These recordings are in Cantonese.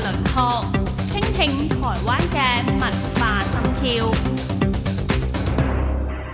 輪廓，傾聽台灣嘅文化心跳。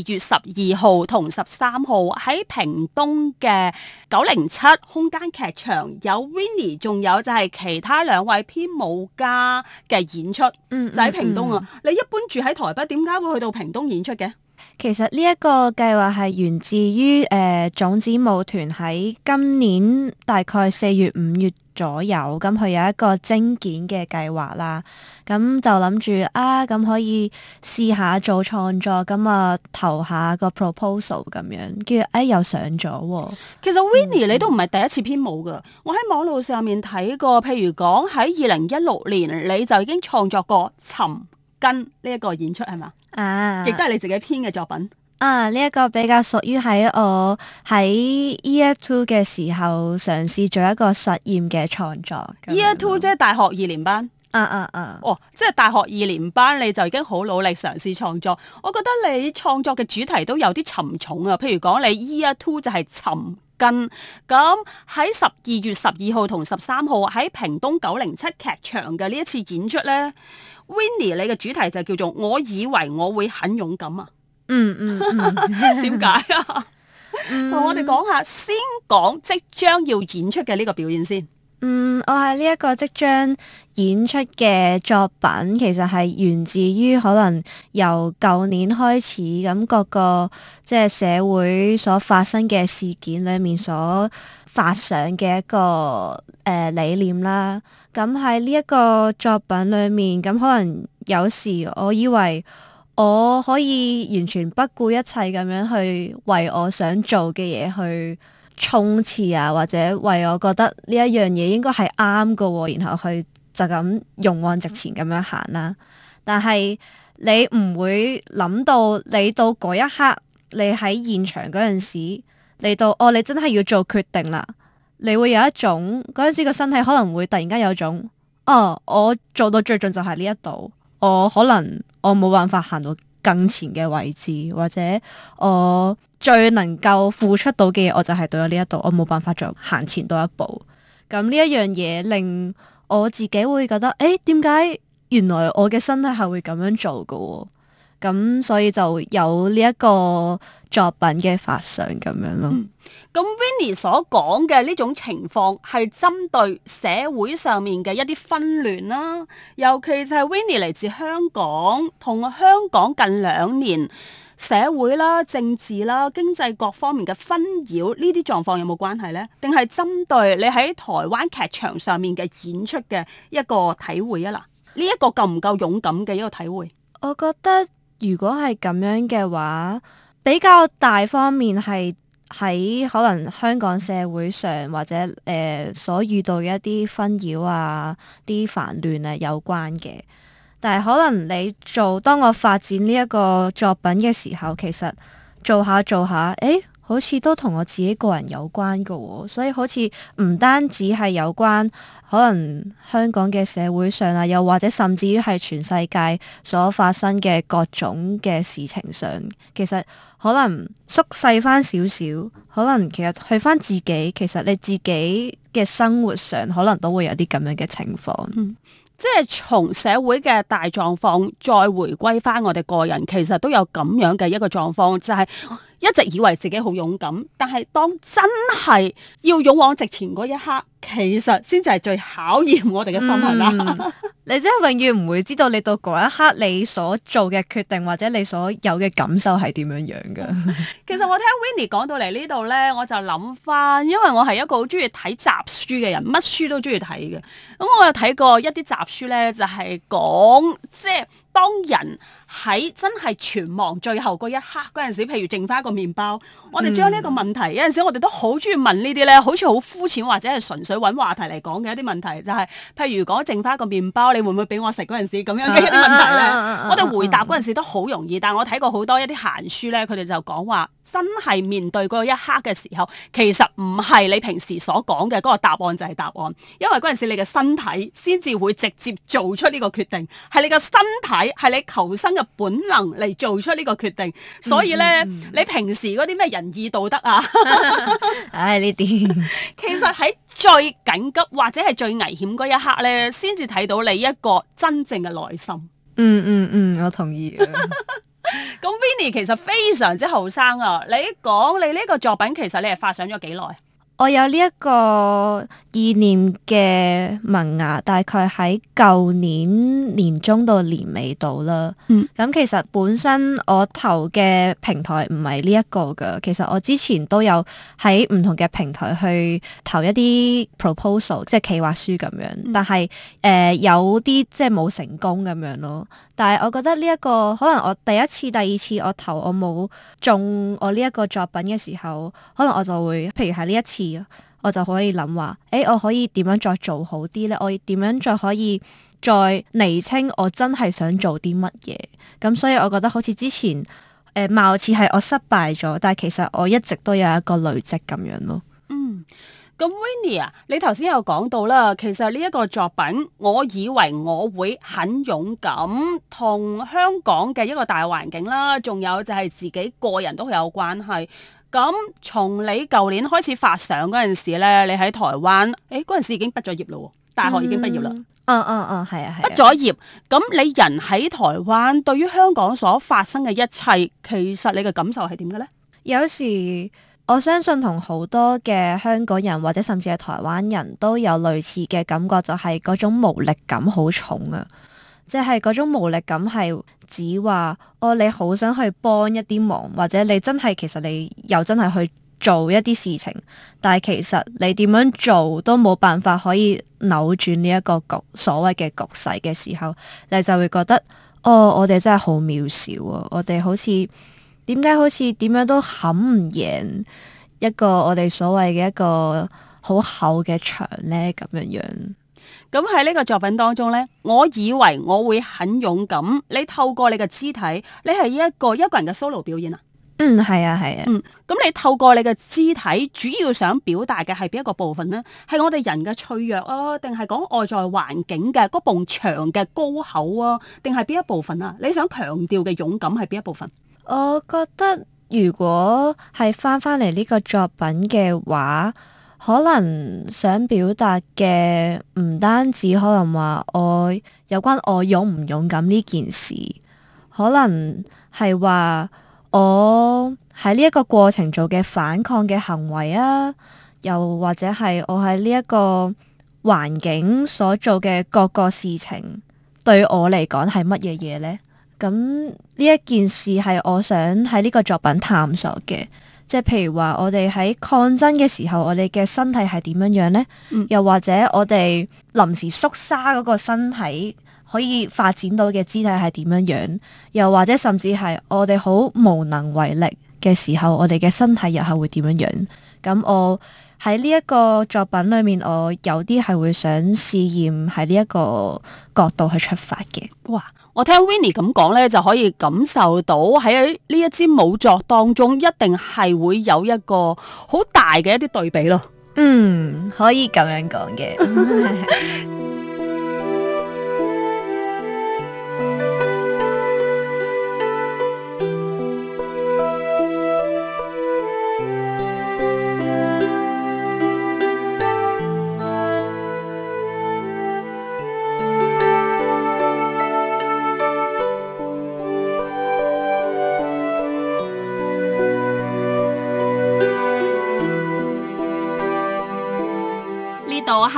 十二月十二號同十三號喺屏東嘅九零七空間劇場有 Winnie，仲有就係其他兩位編舞家嘅演出，嗯、嗯、嗯，就喺屏東啊。你一般住喺台北，點解會去到屏東演出嘅？其實呢一個計劃係源自於誒、呃、種子舞團喺今年大概四月五月左右咁，佢有一個徵件嘅計劃啦。咁就諗住啊，咁可以試下做創作，咁啊投下個 proposal 咁樣，跟住哎又上咗。其實 Winnie、嗯、你都唔係第一次編舞噶，我喺網路上面睇過，譬如講喺二零一六年你就已經創作過《尋根》呢、這、一個演出係嘛啊，亦都係你自己編嘅作品。啊！呢、這、一個比較屬於喺我喺 Year Two 嘅時候嘗試做一個實驗嘅創作。Year Two 即係大學二年班。啊啊啊！哦，即係大學二年班，你就已經好努力嘗試創作。我覺得你創作嘅主題都有啲沉重啊。譬如講你 Year Two 就係尋根。咁喺十二月十二號同十三號喺屏東九零七劇場嘅呢一次演出呢，Winnie，你嘅主題就叫做我以為我會很勇敢啊！嗯嗯，點解啊？ 麼 同我哋講下先，講即將要演出嘅呢個表演先。嗯，我係呢一個即將演出嘅作品，其實係源自於可能由舊年開始咁各個即係、就是、社會所發生嘅事件裏面所發想嘅一個誒、呃、理念啦。咁喺呢一個作品裏面，咁可能有時我以為。我可以完全不顧一切咁樣去為我想做嘅嘢去衝刺啊，或者為我覺得呢一樣嘢應該係啱㗎，然後去就咁勇往直前咁樣行啦。但係你唔會諗到你到嗰一刻你，你喺現場嗰陣時嚟到，哦，你真係要做決定啦。你會有一種嗰陣時個身體可能會突然間有種，哦，我做到最盡就係呢一度，我可能。我冇辦法行到更前嘅位置，或者我最能夠付出到嘅嘢，我就係到咗呢一度，我冇辦法再行前多一步。咁呢一樣嘢令我自己會覺得，誒、哎，點解原來我嘅身體係會咁樣做㗎？咁、嗯、所以就有呢一個作品嘅發想咁樣咯。咁 Winnie 所講嘅呢種情況係針對社會上面嘅一啲紛亂啦、啊，尤其就係 Winnie 嚟自香港，同香港近兩年社會啦、政治啦、經濟各方面嘅紛擾，呢啲狀況有冇關係呢？定係針對你喺台灣劇場上面嘅演出嘅一個體會啊？嗱，呢一個夠唔夠勇敢嘅一個體會？我覺得。如果係咁樣嘅話，比較大方面係喺可能香港社會上或者，誒、呃、所遇到嘅一啲紛擾啊、啲煩亂啊有關嘅，但係可能你做當我發展呢一個作品嘅時候，其實做下做下，誒、欸。好似都同我自己個人有關㗎喎，所以好似唔單止係有關可能香港嘅社會上啊，又或者甚至於係全世界所發生嘅各種嘅事情上，其實可能縮細翻少少，可能其實去翻自己，其實你自己嘅生活上可能都會有啲咁樣嘅情況，嗯、即係從社會嘅大狀況再回歸翻我哋個人，其實都有咁樣嘅一個狀況，就係、是。一直以為自己好勇敢，但係當真係要勇往直前嗰一刻，其實先至係最考驗我哋嘅心啊、嗯！ 你真係永遠唔會知道你到嗰一刻你所做嘅決定或者你所有嘅感受係點樣樣噶。 其實我聽 Winnie 講到嚟呢度呢，我就諗翻，因為我係一個好中意睇雜書嘅人，乜書都中意睇嘅。咁我有睇過一啲雜書呢，就係講即係。就是當人喺真係存亡最後嗰一刻嗰陣時，譬如剩翻一個麵包，我哋將呢一個問題、嗯、有陣時，我哋都好中意問呢啲咧，好似好膚淺或者係純粹揾話題嚟講嘅一啲問題，就係、是、譬如講剩翻一個麵包，你會唔會俾我食嗰陣時咁樣嘅一啲問題咧？啊啊啊啊啊、我哋回答嗰陣時都好容易，但係我睇過好多一啲閒書咧，佢哋就講話真係面對嗰一刻嘅時候，其實唔係你平時所講嘅嗰個答案就係答案，因為嗰陣時你嘅身體先至會直接做出呢個決定，係你嘅身體。係，你求生嘅本能嚟做出呢個決定，所以咧，mm hmm. 你平時嗰啲咩仁義道德啊，唉呢啲，其實喺最緊急或者係最危險嗰一刻咧，先至睇到你一個真正嘅內心。嗯嗯嗯，mm mm, 我同意。咁 Winnie 其實非常之後生啊，你講你呢個作品其實你係發想咗幾耐？我有呢一個意念嘅萌芽，大概喺舊年年中到年尾到啦。咁、嗯、其實本身我投嘅平台唔係呢一個㗎，其實我之前都有喺唔同嘅平台去投一啲 proposal，即係企劃書咁樣。嗯、但係誒、呃、有啲即係冇成功咁樣咯。但係，我覺得呢、這、一個可能，我第一次、第二次我投我冇中我呢一個作品嘅時候，可能我就會，譬如喺呢一次，我就可以諗話，誒、欸，我可以點樣再做好啲呢？我點樣再可以再釐清我真係想做啲乜嘢？咁所以，我覺得好似之前誒、呃，貌似係我失敗咗，但係其實我一直都有一個累積咁樣咯。咁 Winnie 啊，你頭先有講到啦，其實呢一個作品，我以為我會很勇敢，同香港嘅一個大環境啦，仲有就係自己個人都有關係。咁從你舊年開始發想嗰陣時呢，你喺台灣，誒嗰陣時已經畢咗業啦，大學已經畢業啦，嗯嗯嗯，係、哦哦、啊係，啊啊畢咗業。咁你人喺台灣，對於香港所發生嘅一切，其實你嘅感受係點嘅呢？有時。我相信同好多嘅香港人或者甚至係台灣人都有類似嘅感覺，就係嗰種無力感好重啊！即係嗰種無力感係指話哦，你好想去幫一啲忙，或者你真係其實你又真係去做一啲事情，但係其實你點樣做都冇辦法可以扭轉呢一個局，所謂嘅局勢嘅時候，你就會覺得哦，我哋真係好渺小啊，我哋好似。點解好似點樣都冚唔贏一個我哋所謂嘅一個好厚嘅牆呢？咁樣樣咁喺呢個作品當中呢，我以為我會很勇敢。你透過你嘅肢體，你係一個一個人嘅 solo 表演，嗯，啊？啊嗯，係啊，係啊。嗯，咁你透過你嘅肢體，主要想表達嘅係邊一個部分呢？係我哋人嘅脆弱啊，定係講外在環境嘅嗰埲牆嘅高厚啊？定係邊一部分啊？你想強調嘅勇敢係邊一部分？我覺得如果係翻返嚟呢個作品嘅話，可能想表達嘅唔單止可能話我有關我勇唔勇敢呢件事，可能係話我喺呢一個過程做嘅反抗嘅行為啊，又或者係我喺呢一個環境所做嘅各個事情，對我嚟講係乜嘢嘢咧？咁呢一件事係我想喺呢個作品探索嘅，即係譬如話我哋喺抗爭嘅時候，我哋嘅身體係點樣樣呢？嗯、又或者我哋臨時縮沙嗰個身體可以發展到嘅肢體係點樣樣？又或者甚至係我哋好無能為力嘅時候，我哋嘅身體日後會點樣樣？咁我喺呢一個作品裏面，我有啲係會想試驗喺呢一個角度去出發嘅。哇！我聽 Winnie 咁講咧，就可以感受到喺呢一支舞作當中，一定係會有一個好大嘅一啲對比咯。嗯，可以咁樣講嘅。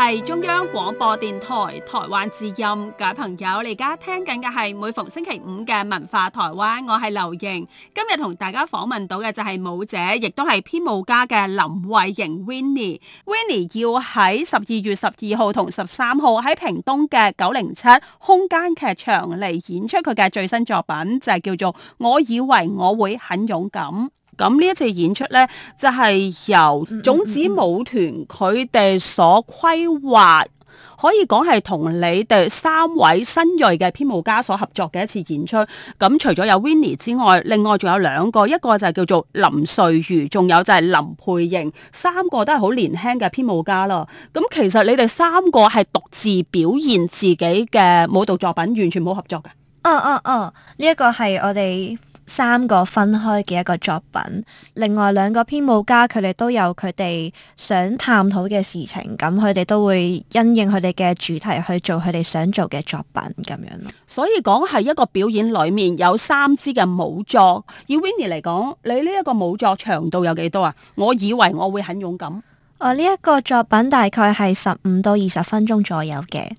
係中央廣播電台台灣之音，各位朋友，你而家聽緊嘅係每逢星期五嘅文化台灣，我係劉瑩。今日同大家訪問到嘅就係舞者，亦都係編舞家嘅林慧瑩 （Winnie）。Winnie Win 要喺十二月十二號同十三號喺屏東嘅九零七空間劇場嚟演出佢嘅最新作品，就係、是、叫做《我以為我會很勇敢》。咁呢一次演出呢，就係由種子舞團佢哋所規劃，可以講係同你哋三位新鋭嘅編舞家所合作嘅一次演出。咁除咗有 Winnie 之外，另外仲有兩個，一個就係叫做林瑞如，仲有就係林佩瑩，三個都係好年輕嘅編舞家啦。咁其實你哋三個係獨自表現自己嘅舞蹈作品，完全冇合作嘅。嗯嗯嗯，呢一個係我哋。三個分開嘅一個作品，另外兩個編舞家佢哋都有佢哋想探討嘅事情，咁佢哋都會因應佢哋嘅主題去做佢哋想做嘅作品咁樣咯。所以講係一個表演裏面有三支嘅舞作。以 Winnie 嚟講，你呢一個舞作長度有幾多啊？我以為我會很勇敢。我呢一個作品大概係十五到二十分鐘左右嘅，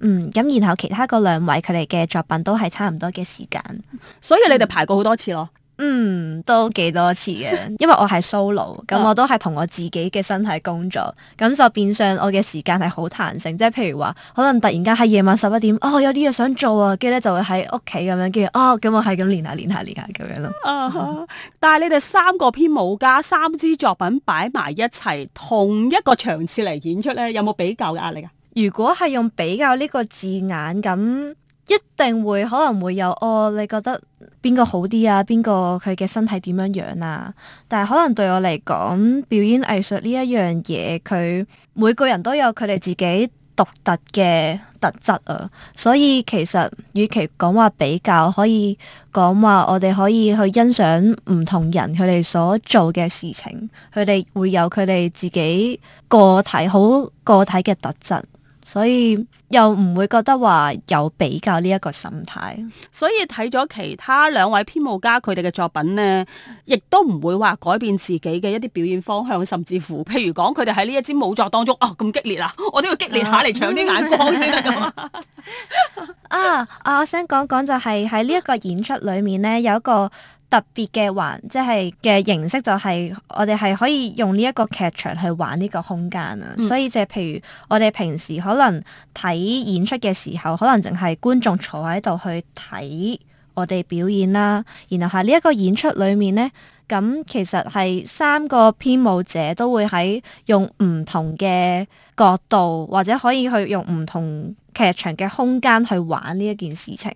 嗯，咁然後其他個兩位佢哋嘅作品都係差唔多嘅時間， 所以你哋排過好多次咯。嗯，都幾多次嘅，因為我係 solo，咁我都係同我自己嘅身體工作，咁、哦、就變相我嘅時間係好彈性，即係譬如話，可能突然間喺夜晚十一點，哦，有啲嘢想做啊，跟住咧就會喺屋企咁樣，跟住哦，咁我係咁練下練下練下咁樣咯。但係你哋三個編舞家三支作品擺埋一齊，同一個場次嚟演出咧，有冇比較嘅壓力啊？如果係用比較呢個字眼咁？一定會可能會有哦，你覺得邊個好啲啊？邊個佢嘅身體點樣樣啊？但係可能對我嚟講，表演藝術呢一樣嘢，佢每個人都有佢哋自己獨特嘅特質啊。所以其實與其講話比較，可以講話我哋可以去欣賞唔同人佢哋所做嘅事情，佢哋會有佢哋自己個體好個體嘅特質。所以又唔會覺得話有比較呢一個心態，所以睇咗其他兩位編舞家佢哋嘅作品呢，亦都唔會話改變自己嘅一啲表演方向，甚至乎，譬如講佢哋喺呢一支舞作當中，啊、哦、咁激烈啊，我都要激烈下嚟搶啲眼光先得㗎 啊！啊，我想講講就係喺呢一個演出裏面呢，有一個。特別嘅環即係嘅形式就係我哋係可以用呢一個劇場去玩呢個空間啊，嗯、所以就係譬如我哋平時可能睇演出嘅時候，可能淨係觀眾坐喺度去睇我哋表演啦，然後喺呢一個演出裡面咧，咁其實係三個編舞者都會喺用唔同嘅角度或者可以去用唔同。劇場嘅空間去玩呢一件事情，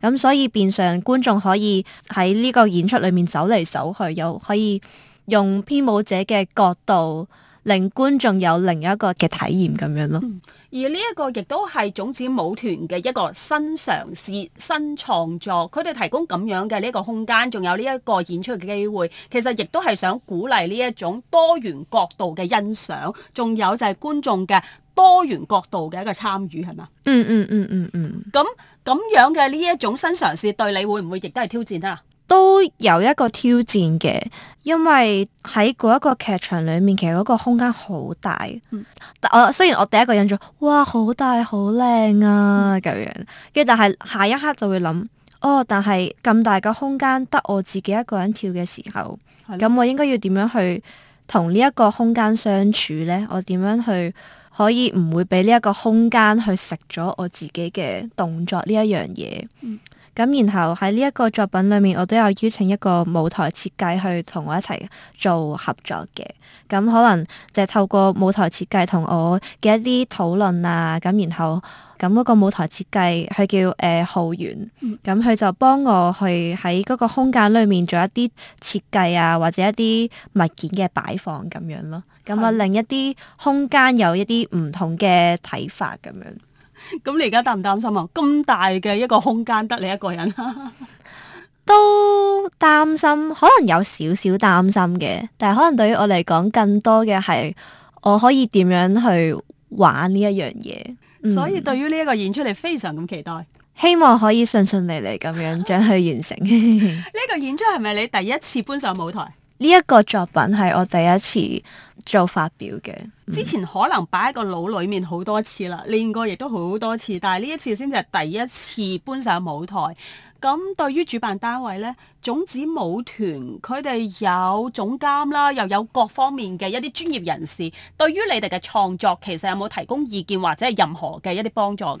咁、嗯、所以變相觀眾可以喺呢個演出裏面走嚟走去，又可以用編舞者嘅角度。令觀眾有另一個嘅體驗咁樣咯，嗯、而呢一個亦都係種子舞團嘅一個新嘗試、新創作。佢哋提供咁樣嘅呢個空間，仲有呢一個演出嘅機會，其實亦都係想鼓勵呢一種多元角度嘅欣賞，仲有就係觀眾嘅多元角度嘅一個參與，係嘛？嗯嗯嗯嗯嗯。咁咁樣嘅呢一種新嘗試，對你會唔會亦都係挑戰啊？都有一個挑戰嘅，因為喺嗰一個劇場裏面，其實嗰個空間好大。嗯、但我雖然我第一個印象，哇，好大好靚啊咁、嗯、樣，跟住但係下一刻就會諗，哦，但係咁大嘅空間得我自己一個人跳嘅時候，咁的我應該要點樣去同呢一個空間相處呢？我點樣去可以唔會俾呢一個空間去食咗我自己嘅動作呢一樣嘢？嗯咁然後喺呢一個作品裏面，我都有邀請一個舞台設計去同我一齊做合作嘅。咁可能就透過舞台設計同我嘅一啲討論啊，咁然後咁嗰個舞台設計佢叫誒浩源，咁、呃、佢、嗯、就幫我去喺嗰個空間裏面做一啲設計啊，或者一啲物件嘅擺放咁樣咯。咁啊，令一啲空間有一啲唔同嘅睇法咁樣。咁你而家擔唔擔心啊？咁大嘅一個空間，得你一個人， 都擔心，可能有少少擔心嘅。但係可能對於我嚟講，更多嘅係我可以點樣去玩呢一樣嘢。所以對於呢一個演出，嗯、你非常咁期待，希望可以順順利利咁樣將 去完成。呢 個演出係咪你第一次搬上舞台？呢一個作品係我第一次做發表嘅，嗯、之前可能擺喺個腦裏面好多次啦，練過亦都好多次，但係呢一次先至係第一次搬上舞台。咁對於主辦單位呢，種子舞團佢哋有總監啦，又有各方面嘅一啲專業人士。對於你哋嘅創作，其實有冇提供意見或者係任何嘅一啲幫助㗎？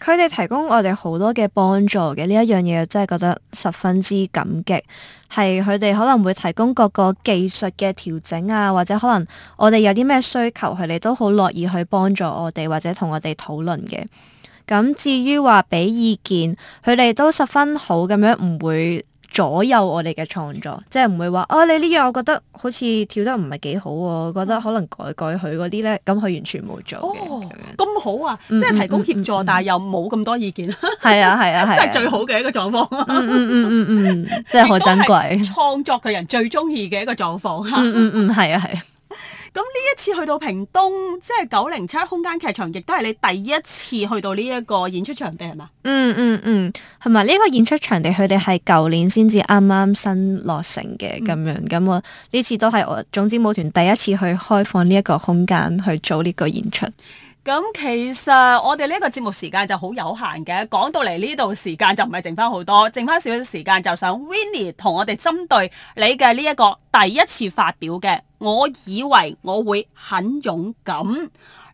佢哋提供我哋好多嘅幫助嘅，呢一樣嘢，真係覺得十分之感激。係佢哋可能會提供各個技術嘅調整啊，或者可能我哋有啲咩需求，佢哋都好樂意去幫助我哋，或者同我哋討論嘅。咁至於話俾意見，佢哋都十分好咁樣，唔會左右我哋嘅創作，即係唔會話哦、啊，你呢樣我覺得好似跳得唔係幾好喎，哦、覺得可能改改佢嗰啲咧，咁佢完全冇做哦，咁樣、哦、好啊，嗯、即係提供協助，嗯嗯、但係又冇咁多意見。係啊，係啊，係。即係最好嘅一個狀況。嗯嗯嗯嗯嗯，即係好珍貴。創作嘅人最中意嘅一個狀況。嗯嗯嗯，係、嗯嗯嗯、啊係。嗯咁呢一次去到屏東，即係九零七空間劇場，亦都係你第一次去到呢一個演出場地係嘛、嗯？嗯嗯嗯，係咪呢個演出場地佢哋係舊年先至啱啱新落成嘅咁、嗯、樣？咁我呢次都係我總之舞團第一次去開放呢一個空間去做呢個演出。咁其實我哋呢個節目時間就好有限嘅，講到嚟呢度時間就唔係剩翻好多，剩翻少少時間就想 Winnie 同我哋針對你嘅呢一個第一次發表嘅，我以為我會很勇敢，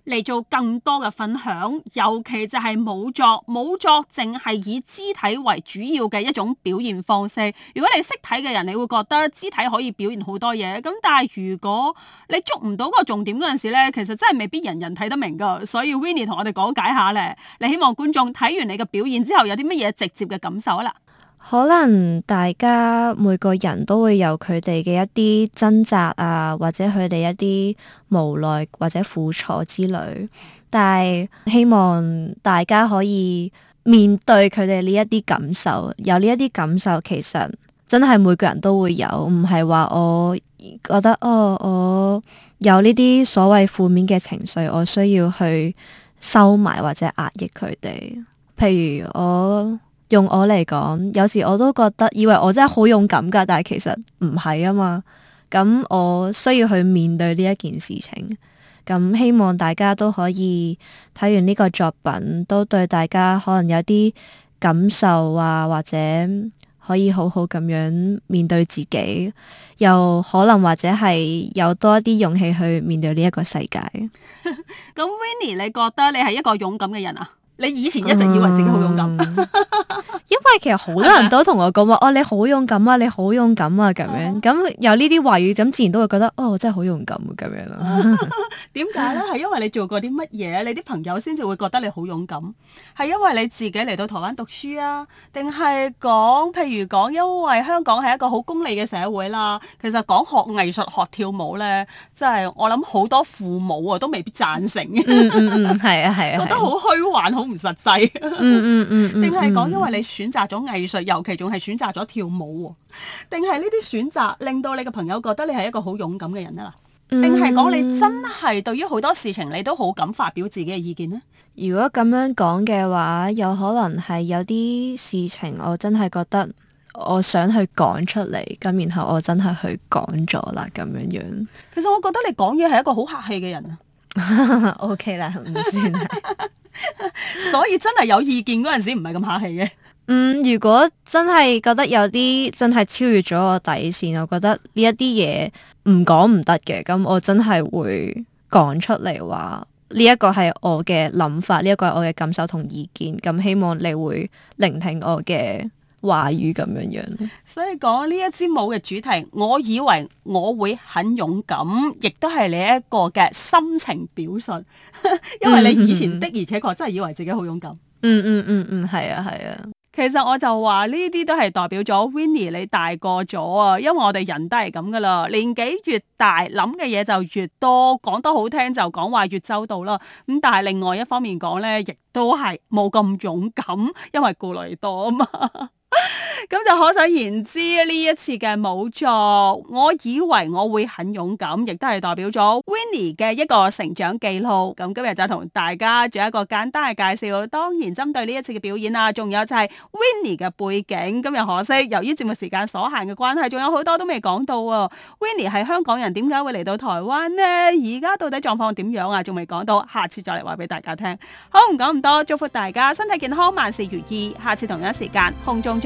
嚟做更多嘅分享，尤其就係舞作，舞作淨係以肢體為主要嘅一種表現方式。如果你識睇嘅人，你會覺得肢體可以表現好多嘢。咁但係如果你捉唔到個重點嗰陣時咧，其實真係未必人人睇得明噶。所以 Winnie 同我哋講解下咧，你希望觀眾睇完你嘅表演之後有啲乜嘢直接嘅感受啊？啦～可能大家每個人都會有佢哋嘅一啲掙扎啊，或者佢哋一啲無奈或者苦楚之類。但係希望大家可以面對佢哋呢一啲感受，有呢一啲感受，其實真係每個人都會有，唔係話我覺得哦，我有呢啲所謂負面嘅情緒，我需要去收埋或者壓抑佢哋，譬如我。用我嚟講，有時我都覺得以為我真係好勇敢噶，但係其實唔係啊嘛。咁我需要去面對呢一件事情。咁希望大家都可以睇完呢個作品，都對大家可能有啲感受啊，或者可以好好咁樣面對自己，又可能或者係有多一啲勇氣去面對呢一個世界。咁 ，Winnie，你覺得你係一個勇敢嘅人啊？你以前一直以為自己好勇敢。因為其實好多人都同我講話哦，你好勇敢啊，你好勇敢啊，咁樣咁有呢啲話語咁自然都會覺得哦，真係好勇敢咁樣咯。點解咧？係因為你做過啲乜嘢？你啲朋友先至會覺得你好勇敢，係因為你自己嚟到台灣讀書啊？定係講，譬如講，因為香港係一個好功利嘅社會啦。其實講學藝術、學跳舞咧，真係我諗好多父母啊都未必贊成嘅。係啊係啊，覺得好虛幻，好唔實際。嗯嗯嗯，定係講因為你。選擇咗藝術，尤其仲係選擇咗跳舞，定係呢啲選擇令到你嘅朋友覺得你係一個好勇敢嘅人啊？定係講你真係對於好多事情你都好敢發表自己嘅意見呢？如果咁樣講嘅話，有可能係有啲事情我真係覺得我想去講出嚟，咁然後我真係去講咗啦，咁樣樣。其實我覺得你講嘢係一個好客氣嘅人啊。 OK 啦，唔算。 所以真係有意見嗰陣時唔係咁客氣嘅。嗯，如果真係覺得有啲真係超越咗我底線，我覺得呢一啲嘢唔講唔得嘅，咁我真係會講出嚟，話呢一個係我嘅諗法，呢一個係我嘅感受同意見，咁希望你會聆聽我嘅話語咁樣樣。所以講呢一支舞嘅主題，我以為我會很勇敢，亦都係你一個嘅心情表述， 因為你以前的而且確真係以為自己好勇敢。嗯嗯嗯嗯，係啊係啊。其實我就話呢啲都係代表咗 Winnie 你大個咗啊，因為我哋人都係咁噶啦，年紀越大諗嘅嘢就越多，講得好聽就講話越周到啦。咁但係另外一方面講呢，亦都係冇咁勇敢，因為顧慮多啊嘛。 咁 就可想而知呢一次嘅舞作，我以為我會很勇敢，亦都係代表咗 Winnie 嘅一個成長記錄。咁今日就同大家做一個簡單嘅介紹。當然，針對呢一次嘅表演啦，啊，仲有就係 Winnie 嘅背景。今日可惜，由於節目時間所限嘅關係，仲有好多都未講到，哦。Winnie 係香港人，點解會嚟到台灣呢？而家到底狀況點樣啊？仲未講到，下次再嚟話俾大家聽。好，唔講咁多，祝福大家身體健康，萬事如意。下次同一時間空中。